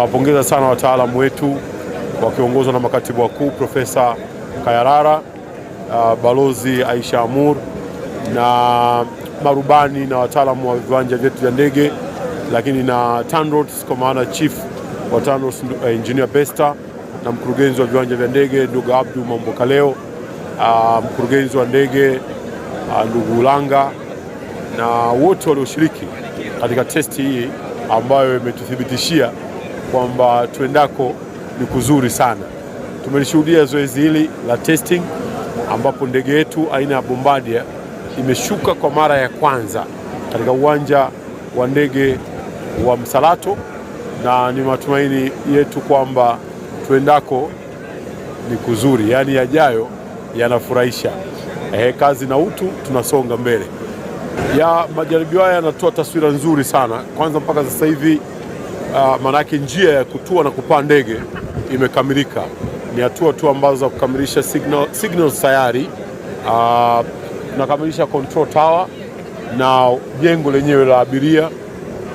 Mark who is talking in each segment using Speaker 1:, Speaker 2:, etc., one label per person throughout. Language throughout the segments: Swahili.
Speaker 1: Tunawapongeza sana wataalamu wetu wakiongozwa na makatibu wakuu Profesa Kayarara, uh, Balozi Aisha Amur na marubani na wataalamu wa viwanja vyetu vya ndege, lakini na TANROADS kwa maana chief wa TANROADS eh, engineer Besta na mkurugenzi wa viwanja vya ndege ndugu Abdu Kaleo, uh, mkurugenzi wa ndege uh, ndugu Ulanga na wote walioshiriki katika testi hii ambayo imetuthibitishia kwamba tuendako ni kuzuri sana. Tumelishuhudia zoezi hili la testing ambapo ndege yetu aina ya Bombardier imeshuka kwa mara ya kwanza katika uwanja wa ndege wa Msalato, na ni matumaini yetu kwamba tuendako ni kuzuri, yaani yajayo yanafurahisha. Eh, kazi na utu, tunasonga mbele. Ya majaribio haya yanatoa taswira nzuri sana, kwanza mpaka sasa hivi uh, maanake njia ya kutua na kupaa ndege imekamilika. Ni hatua tu ambazo za kukamilisha signal, signal tayari uh, control tower na jengo lenyewe la abiria,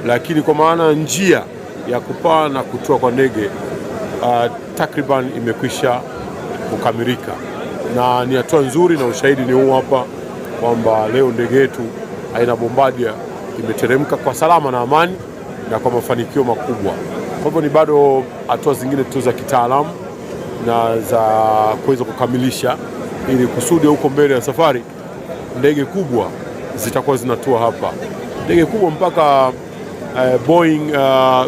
Speaker 1: lakini kwa maana njia ya kupaa na kutua kwa ndege uh, takriban imekwisha kukamilika, na ni hatua nzuri, na ushahidi ni huu hapa kwamba leo ndege yetu aina Bombardier imeteremka kwa salama na amani na kwa mafanikio makubwa. Kwa hivyo ni bado hatua zingine tu za kitaalamu na za kuweza kukamilisha, ili kusudi huko mbele ya safari ndege kubwa zitakuwa zinatua hapa, ndege kubwa mpaka uh, Boeing uh,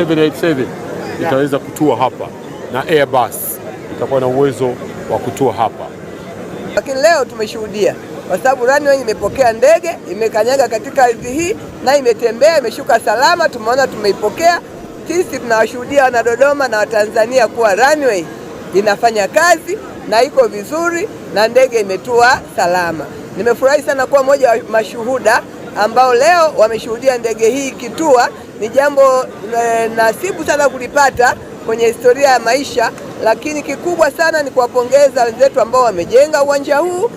Speaker 1: eh, 787 itaweza kutua hapa na Airbus itakuwa na uwezo wa kutua hapa,
Speaker 2: lakini leo tumeshuhudia kwa sababu runway imepokea ndege, imekanyaga katika ardhi hii na imetembea, imeshuka salama. Tumeona, tumeipokea sisi. Tunawashuhudia dodoma na Watanzania kuwa runway inafanya kazi na iko vizuri na ndege imetua salama. Nimefurahi sana kuwa moja wa mashuhuda ambao leo wameshuhudia ndege hii ikitua. Ni jambo e, nasibu sana kulipata kwenye historia ya maisha, lakini kikubwa sana ni kuwapongeza wenzetu ambao wamejenga uwanja huu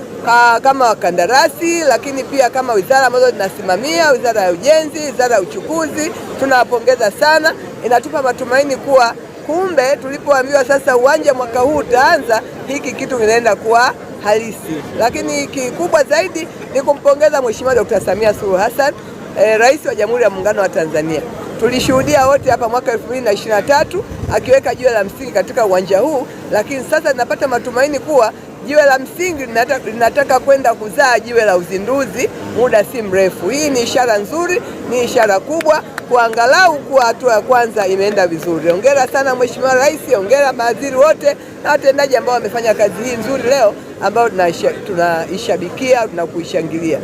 Speaker 2: kama wakandarasi, lakini pia kama wizara ambazo zinasimamia, wizara ya ujenzi, wizara ya uchukuzi, tunawapongeza sana. Inatupa matumaini kuwa kumbe tulipoambiwa sasa uwanja mwaka huu utaanza, hiki kitu kinaenda kuwa halisi. Lakini kikubwa zaidi ni kumpongeza Mheshimiwa Dkt. Samia Suluhu Hassan eh, Rais wa Jamhuri ya Muungano wa Tanzania. Tulishuhudia wote hapa mwaka 2023 akiweka jiwe la msingi katika uwanja huu, lakini sasa tunapata matumaini kuwa jiwe la msingi linataka kwenda kuzaa jiwe la uzinduzi muda si mrefu. Hii ni ishara nzuri, ni ishara kubwa kwa angalau kuwa hatua ya kwanza imeenda vizuri. Hongera sana Mheshimiwa Rais, hongera mawaziri wote na watendaji ambao wamefanya kazi hii nzuri leo, ambayo tunaishabikia, tunakuishangilia.